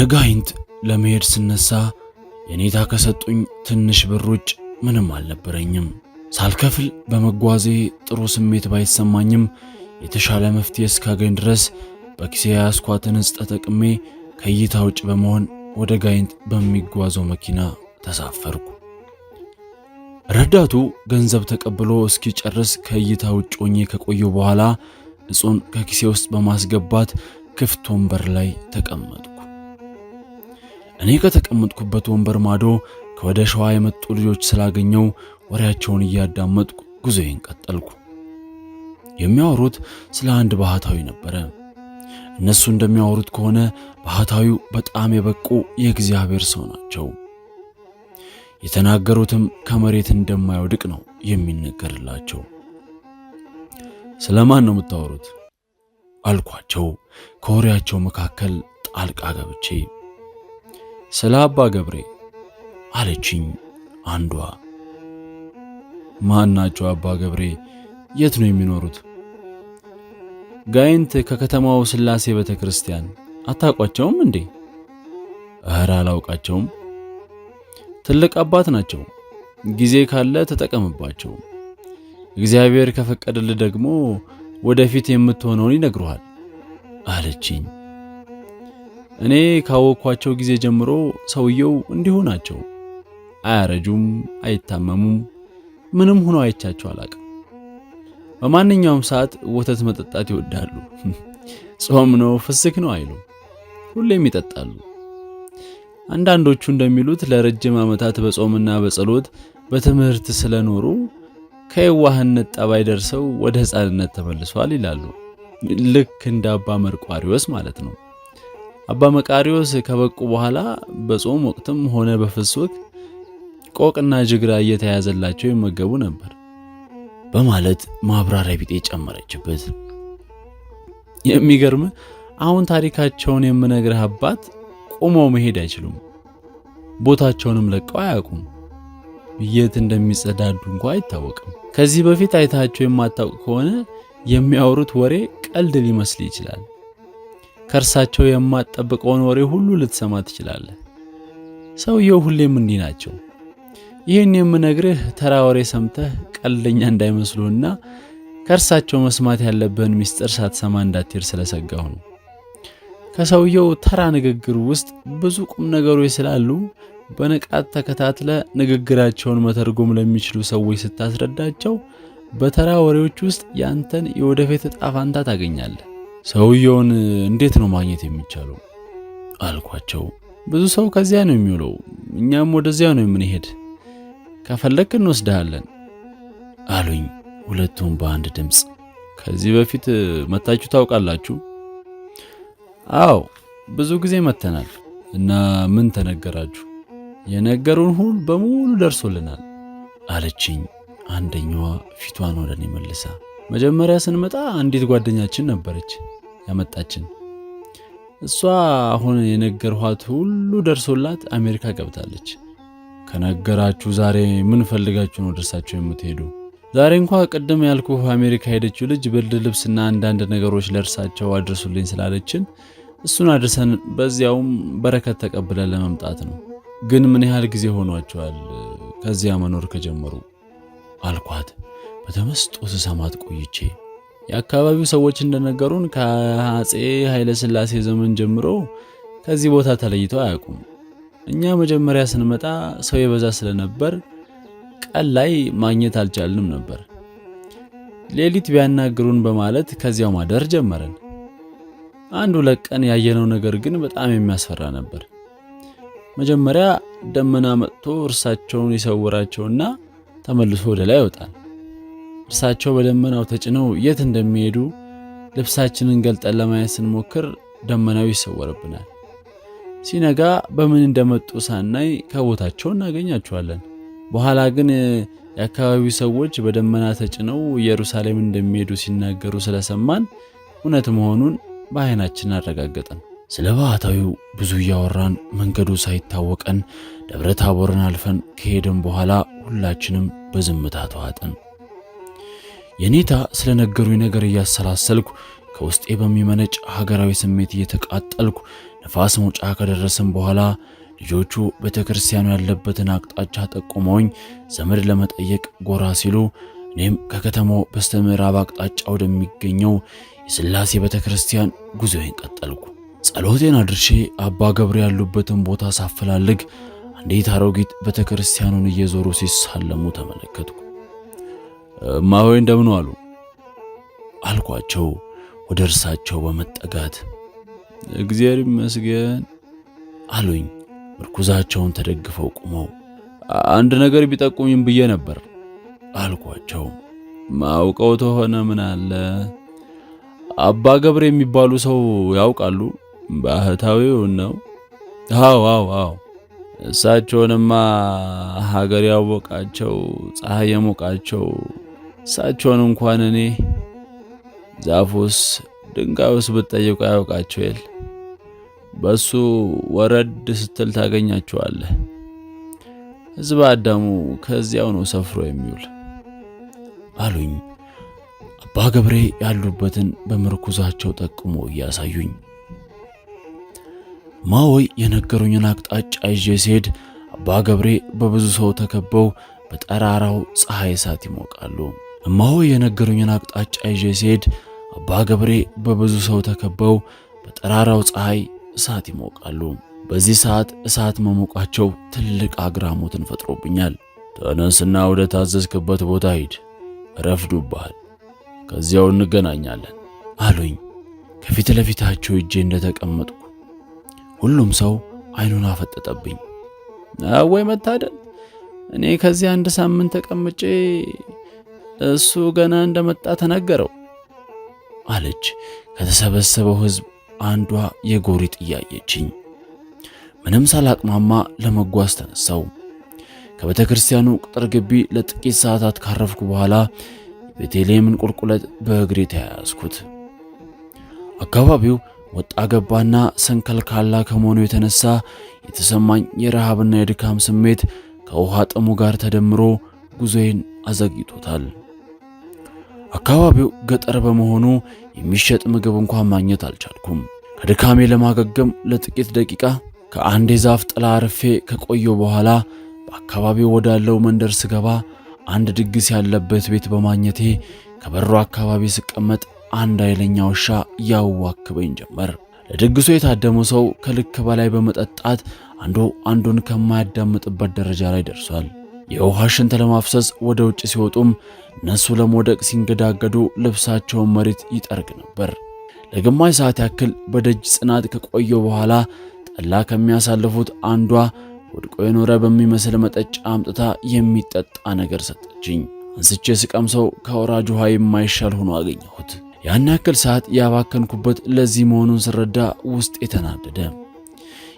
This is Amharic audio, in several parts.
ወደ ጋይንት ለመሄድ ስነሳ የኔታ ከሰጡኝ ትንሽ ብር ውጭ ምንም አልነበረኝም። ሳልከፍል በመጓዜ ጥሩ ስሜት ባይሰማኝም የተሻለ መፍትሄ እስካገኝ ድረስ በኪሴ ያስኳትን ዕፅ ተጠቅሜ ከእይታ ውጭ በመሆን ወደ ጋይንት በሚጓዘው መኪና ተሳፈርኩ። ረዳቱ ገንዘብ ተቀብሎ እስኪጨርስ ከእይታ ውጭ ሆኜ ከቆየ በኋላ እጹን ከኪሴ ውስጥ በማስገባት ክፍት ወንበር ላይ ተቀመጡ። እኔ ከተቀመጥኩበት ወንበር ማዶ ከወደ ሸዋ የመጡ ልጆች ስላገኘው ወሬያቸውን እያዳመጥኩ ጉዞዬን ቀጠልኩ። የሚያወሩት ስለ አንድ ባህታዊ ነበረ። እነሱ እንደሚያወሩት ከሆነ ባህታዊው በጣም የበቁ የእግዚአብሔር ሰው ናቸው። የተናገሩትም ከመሬት እንደማይወድቅ ነው የሚነገርላቸው። ስለማን ነው የምታወሩት? አልኳቸው ከወሬያቸው መካከል ጣልቃ ገብቼ ስለ አባ ገብሬ አለችኝ አንዷ። ማን ናቸው አባ ገብሬ? የት ነው የሚኖሩት? ጋይንት ከከተማው ስላሴ ቤተ ክርስቲያን። አታውቋቸውም እንዴ? እህር አላውቃቸውም። ትልቅ አባት ናቸው። ጊዜ ካለ ተጠቀምባቸው። እግዚአብሔር ከፈቀደልህ ደግሞ ወደፊት የምትሆነውን ይነግሩሃል አለችኝ። እኔ ካወቅኳቸው ጊዜ ጀምሮ ሰውየው እንዲሁ ናቸው። አያረጁም፣ አይታመሙም፣ ምንም ሆኖ አይቻቸው አላቅም። በማንኛውም ሰዓት ወተት መጠጣት ይወዳሉ። ጾም ነው ፍስክ ነው አይሉ፣ ሁሌም ይጠጣሉ። አንዳንዶቹ እንደሚሉት ለረጅም ዓመታት በጾምና በጸሎት በትምህርት ስለኖሩ ከየዋህነት ጠባይ ደርሰው ወደ ሕፃንነት ተመልሷል ይላሉ። ልክ እንደ አባ መርቋሪዎስ ማለት ነው። አባ መቃሪዎስ ከበቁ በኋላ በጾም ወቅትም ሆነ በፍስክ ቆቅና ጅግራ እየተያዘላቸው ይመገቡ ነበር በማለት ማብራሪያ ቢጤ ጨመረችበት። የሚገርም አሁን ታሪካቸውን የምነግርህ አባት ቆመው መሄድ አይችሉም፣ ቦታቸውንም ለቀው አያውቁም። የት እንደሚጸዳዱ እንኳ አይታወቅም። ከዚህ በፊት አይታቸው የማታውቅ ከሆነ የሚያወሩት ወሬ ቀልድ ሊመስል ይችላል። ከእርሳቸው የማትጠብቀውን ወሬ ሁሉ ልትሰማ ትችላለህ። ሰውየው ሁሌም እንዲህ ናቸው። ይህን የምነግርህ ተራ ወሬ ሰምተህ ቀልደኛ እንዳይመስሉና ከእርሳቸው መስማት ያለብህን ምስጢር ሳትሰማ እንዳትሄድ ስለሰጋሁ ነው። ከሰውየው ተራ ንግግር ውስጥ ብዙ ቁም ነገሮች ስላሉ በንቃት ተከታትለ ንግግራቸውን መተርጎም ለሚችሉ ሰዎች ስታስረዳቸው በተራ ወሬዎች ውስጥ ያንተን የወደፊት እጣ ፋንታ ታገኛለህ። ሰውየውን እንዴት ነው ማግኘት የሚቻለው? አልኳቸው። ብዙ ሰው ከዚያ ነው የሚውለው፣ እኛም ወደዚያ ነው የምንሄድ። ከፈለክ እንወስድሃለን አሉኝ ሁለቱም በአንድ ድምፅ። ከዚህ በፊት መታችሁ ታውቃላችሁ? አዎ ብዙ ጊዜ መተናል። እና ምን ተነገራችሁ? የነገሩን ሁሉ በሙሉ ደርሶልናል አለችኝ አንደኛዋ ፊቷን ወደ እኔ መልሳ። መጀመሪያ ስንመጣ አንዲት ጓደኛችን ነበረች ያመጣችን። እሷ አሁን የነገርኋት ሁሉ ደርሶላት አሜሪካ ገብታለች። ከነገራችሁ ዛሬ ምን ፈልጋችሁ ነው ደርሳችሁ የምትሄዱ? ዛሬ እንኳ ቅድም ያልኩ አሜሪካ ሄደችው ልጅ ብርድ ልብስና አንዳንድ ነገሮች ለእርሳቸው አድርሱልኝ ስላለችን እሱን አድርሰን በዚያውም በረከት ተቀብለን ለመምጣት ነው። ግን ምን ያህል ጊዜ ሆኗቸዋል ከዚያ መኖር ከጀመሩ? አልኳት በተመስጦ ስሰማት ቆይቼ የአካባቢው ሰዎች እንደነገሩን ከአፄ ኃይለሥላሴ ዘመን ጀምሮ ከዚህ ቦታ ተለይተው አያውቁም። እኛ መጀመሪያ ስንመጣ ሰው የበዛ ስለነበር ቀን ላይ ማግኘት አልቻልንም ነበር። ሌሊት ቢያናግሩን በማለት ከዚያው ማደር ጀመረን። አንዱ ለቀን ቀን ያየነው ነገር ግን በጣም የሚያስፈራ ነበር። መጀመሪያ ደመና መጥቶ እርሳቸውን ይሰውራቸውና ተመልሶ ወደ ላይ ይወጣል። እርሳቸው በደመናው ተጭነው የት እንደሚሄዱ ልብሳችንን ገልጠን ለማየት ስንሞክር ደመናው ይሰወርብናል። ሲነጋ በምን እንደመጡ ሳናይ ከቦታቸው እናገኛቸዋለን። በኋላ ግን የአካባቢው ሰዎች በደመና ተጭነው ኢየሩሳሌም እንደሚሄዱ ሲናገሩ ስለሰማን እውነት መሆኑን በዓይናችን አረጋገጠን ስለ ባህታዊው ብዙ እያወራን መንገዱ ሳይታወቀን ደብረ ታቦርን አልፈን ከሄድን በኋላ ሁላችንም በዝምታ ተዋጥን። የኔታ ስለነገሩኝ ነገር እያሰላሰልኩ ከውስጤ በሚመነጭ ሀገራዊ ስሜት እየተቃጠልኩ ነፋስ መውጫ ከደረስም በኋላ ልጆቹ ቤተ ክርስቲያኑ ያለበትን አቅጣጫ ጠቁመውኝ ዘመድ ለመጠየቅ ጎራ ሲሉ እኔም ከከተማው በስተ ምዕራብ አቅጣጫ ወደሚገኘው የስላሴ ቤተ ክርስቲያን ጉዞዬን ቀጠልኩ። ጸሎቴን አድርሼ አባ ገብሬ ያሉበትን ቦታ ሳፈላልግ አንዲት አሮጊት ቤተ ክርስቲያኑን እየዞሩ ሲሳለሙ ተመለከትኩ። እማሆይ እንደምን አሉ አልኳቸው ወደ እርሳቸው በመጠጋት። እግዚአብሔር ይመስገን አሉኝ ምርኩዛቸውን ተደግፈው ቁመው። አንድ ነገር ቢጠቁምኝ ብዬ ነበር አልኳቸው። ማውቀው ተሆነ ምን አለ። አባ ገብረ የሚባሉ ሰው ያውቃሉ? ባህታዊው ነው። አዎ አዎ አዎ። እሳቸውንማ ሀገር ያወቃቸው ፀሐይ የሞቃቸው እሳቸውን እንኳን እኔ ዛፉስ ድንጋዩስ ብትጠይቁ ያውቃቸው የል በሱ ወረድ ስትል ታገኛቸዋለህ። ሕዝበ አዳሙ ከዚያው ነው ሰፍሮ የሚውል አሉኝ። አባ ገብሬ ያሉበትን በምርኩዛቸው ጠቅሞ እያሳዩኝ ማወይ የነገሩኝን አቅጣጫ ይዤ ሲሄድ አባ ገብሬ በብዙ ሰው ተከበው በጠራራው ፀሐይ እሳት ይሞቃሉ። እማሆ የነገሩኝን አቅጣጫ ይዤ ሲሄድ አባ ገብሬ በብዙ ሰው ተከበው በጠራራው ፀሐይ እሳት ይሞቃሉ። በዚህ ሰዓት እሳት መሞቃቸው ትልቅ አግራሞትን ፈጥሮብኛል። ተነስና ወደ ታዘዝክበት ቦታ ሂድ፣ ረፍዱብሃል፣ ከዚያው እንገናኛለን አሉኝ። ከፊት ለፊታቸው እጄ እንደተቀመጥኩ ሁሉም ሰው አይኑን አፈጠጠብኝ። ወይ መታደል! እኔ ከዚህ አንድ ሳምንት ተቀምጬ እሱ ገና እንደመጣ ተነገረው አለች። ከተሰበሰበው ሕዝብ አንዷ የጎሪጥ እያየችኝ ምንም ሳላቅማማ ለመጓዝ ተነሳው። ከቤተ ክርስቲያኑ ቅጥር ግቢ ለጥቂት ሰዓታት ካረፍኩ በኋላ የቤተልሔምን ቁልቁለት በእግሬ ተያያዝኩት። አካባቢው ወጣ ገባና ሰንከልካላ ከመሆኑ የተነሳ የተሰማኝ የረሃብና የድካም ስሜት ከውሃ ጥሙ ጋር ተደምሮ ጉዞዬን አዘግይቶታል። አካባቢው ገጠር በመሆኑ የሚሸጥ ምግብ እንኳን ማግኘት አልቻልኩም። ከድካሜ ለማገገም ለጥቂት ደቂቃ ከአንድ የዛፍ ጥላ አርፌ ከቆየው በኋላ በአካባቢው ወዳለው መንደር ስገባ አንድ ድግስ ያለበት ቤት በማግኘቴ ከበሩ አካባቢ ስቀመጥ አንድ ኃይለኛ ውሻ ያዋክበኝ ጀመር። ለድግሱ የታደመው ሰው ከልክ በላይ በመጠጣት አንዱ አንዱን ከማያዳምጥበት ደረጃ ላይ ደርሷል። የውሃ ሽንት ለማፍሰስ ወደ ውጭ ሲወጡም እነሱ ለመውደቅ ሲንገዳገዱ ልብሳቸውን መሬት ይጠርግ ነበር። ለግማሽ ሰዓት ያክል በደጅ ጽናት ከቆየው በኋላ ጠላ ከሚያሳልፉት አንዷ ወድቆ የኖረ በሚመስል መጠጫ አምጥታ የሚጠጣ ነገር ሰጠችኝ። አንስቼ ስቀምሰው ከወራጅ ውሃ የማይሻል ሆኖ አገኘሁት። ያን ያክል ሰዓት ያባከንኩበት ለዚህ መሆኑን ስረዳ ውስጥ የተናደደ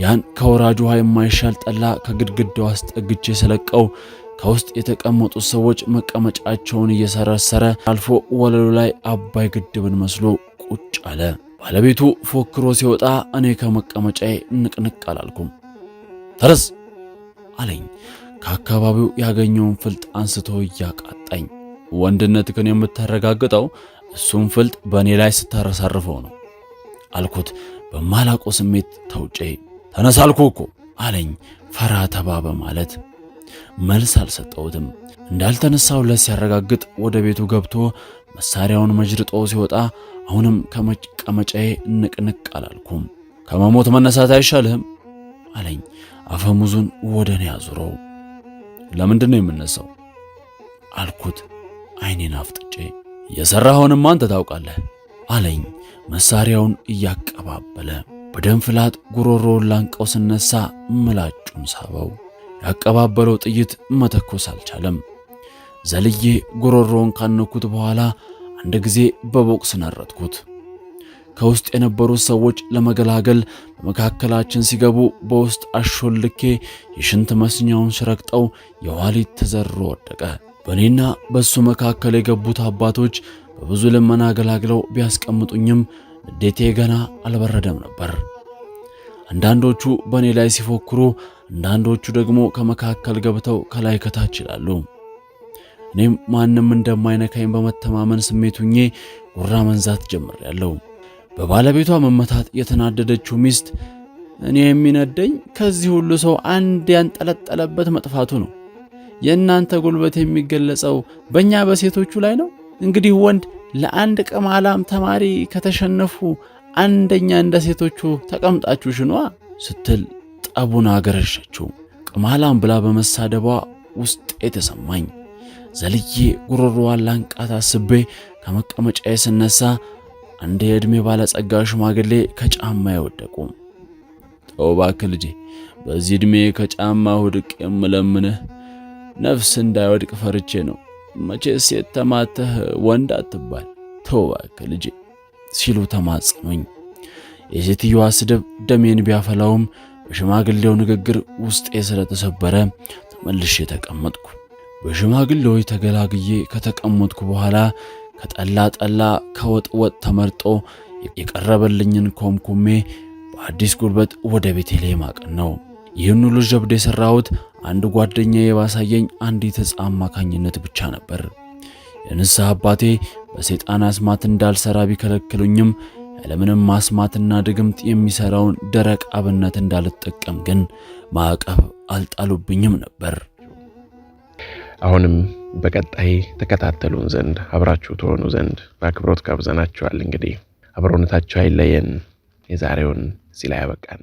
ያን ከወራጅ ውሃ የማይሻል ጠላ ከግድግዳው አስጠግቼ ስለቀው ከውስጥ የተቀመጡት ሰዎች መቀመጫቸውን እየሰረሰረ አልፎ ወለሉ ላይ አባይ ግድብን መስሎ ቁጭ አለ። ባለቤቱ ፎክሮ ሲወጣ እኔ ከመቀመጫዬ ንቅንቅ አላልኩም። ተረስ አለኝ። ከአካባቢው ያገኘውን ፍልጥ አንስቶ እያቃጣኝ። ግን የምታረጋግጠው እሱን ፍልጥ በእኔ ላይ ስታረሳርፈው ነው አልኩት በማላቆ ስሜት ተውጬ ተነሳልኩ እኮ አለኝ ፈራ ተባ በማለት መልስ አልሰጠውትም እንዳልተነሳው ለስ ሲያረጋግጥ ወደ ቤቱ ገብቶ መሳሪያውን መጅርጦ ሲወጣ አሁንም ከመቀመጫዬ ንቅንቅ አላልኩም። ከመሞት መነሳት አይሻልህም አለኝ አፈሙዙን ወደ እኔ አዙረው። ለምንድን ነው የምነሳው አልኩት አይኔን አፍጥጬ። የሠራኸውንም አንተ ታውቃለህ አለኝ መሳሪያውን እያቀባበለ በደም ፍላጥ ጉሮሮውን ላንቀው ስነሳ ምላጩን ሳበው። ያቀባበለው ጥይት መተኮስ አልቻለም። ዘልዬ ጉሮሮውን ካነኩት በኋላ አንድ ጊዜ በቦክስ ነረትኩት። ከውስጥ የነበሩት ሰዎች ለመገላገል በመካከላችን ሲገቡ በውስጥ አሾልኬ የሽንት መስኛውን ሽረግጠው የኋሊት ተዘሮ ወደቀ። በእኔና በእሱ መካከል የገቡት አባቶች በብዙ ልመና አገላግለው ቢያስቀምጡኝም እንዴት ገና አልበረደም ነበር። አንዳንዶቹ በእኔ ላይ ሲፎክሩ፣ አንዳንዶቹ ደግሞ ከመካከል ገብተው ከላይ ከታች ይላሉ። እኔም ማንም እንደማይነካኝ በመተማመን ስሜቱኜ ጉራ መንዛት ጀምሬያለሁ። በባለቤቷ መመታት የተናደደችው ሚስት እኔ የሚነደኝ ከዚህ ሁሉ ሰው አንድ ያንጠለጠለበት መጥፋቱ ነው። የእናንተ ጉልበት የሚገለጸው በእኛ በሴቶቹ ላይ ነው። እንግዲህ ወንድ ለአንድ ቅማላም ተማሪ ከተሸነፉ አንደኛ እንደ ሴቶቹ ተቀምጣችሁ ሽኗ ስትል ጠቡን አገረሸችው። ቅማላም ብላ በመሳደቧ ውስጤ ተሰማኝ። ዘልዬ ጉሮሮዋን ላንቃት አስቤ ከመቀመጫዬ ስነሳ አንድ የዕድሜ ባለጸጋ ሽማግሌ ከጫማ የወደቁ ተው እባክህ ልጄ፣ በዚህ ዕድሜ ከጫማ ውድቅ የምለምንህ ነፍስ እንዳይወድቅ ፈርቼ ነው መቼ ሴት ተማተህ ወንድ አትባል ተወባክ ልጄ ሲሉ ተማጸኑኝ። የሴትየዋ ስድብ ደሜን ቢያፈላውም በሽማግሌው ንግግር ውስጤ ስለተሰበረ ተመልሼ ተቀመጥኩ። በሽማግሌዎች ተገላግዬ ከተቀመጥኩ በኋላ ከጠላ ጠላ ከወጥወጥ ተመርጦ የቀረበልኝን ኮምኩሜ በአዲስ ጉልበት ወደ ላይ ማቅን ነው። ይህን ሁሉ ጀብድ የሠራሁት አንድ ጓደኛዬ ባሳየኝ አንዲት ሕፃን አማካኝነት ብቻ ነበር። የንስሐ አባቴ በሰይጣን አስማት እንዳልሰራ ቢከለክሉኝም ያለምንም ማስማትና ድግምት የሚሰራውን ደረቅ አብነት እንዳልጠቀም ግን ማዕቀብ አልጣሉብኝም ነበር። አሁንም በቀጣይ ተከታተሉን ዘንድ አብራችሁ ትሆኑ ዘንድ በአክብሮት ጋብዘናችኋል። እንግዲህ አብሮነታችሁ አይለየን። የዛሬውን እዚህ ላይ ያበቃን።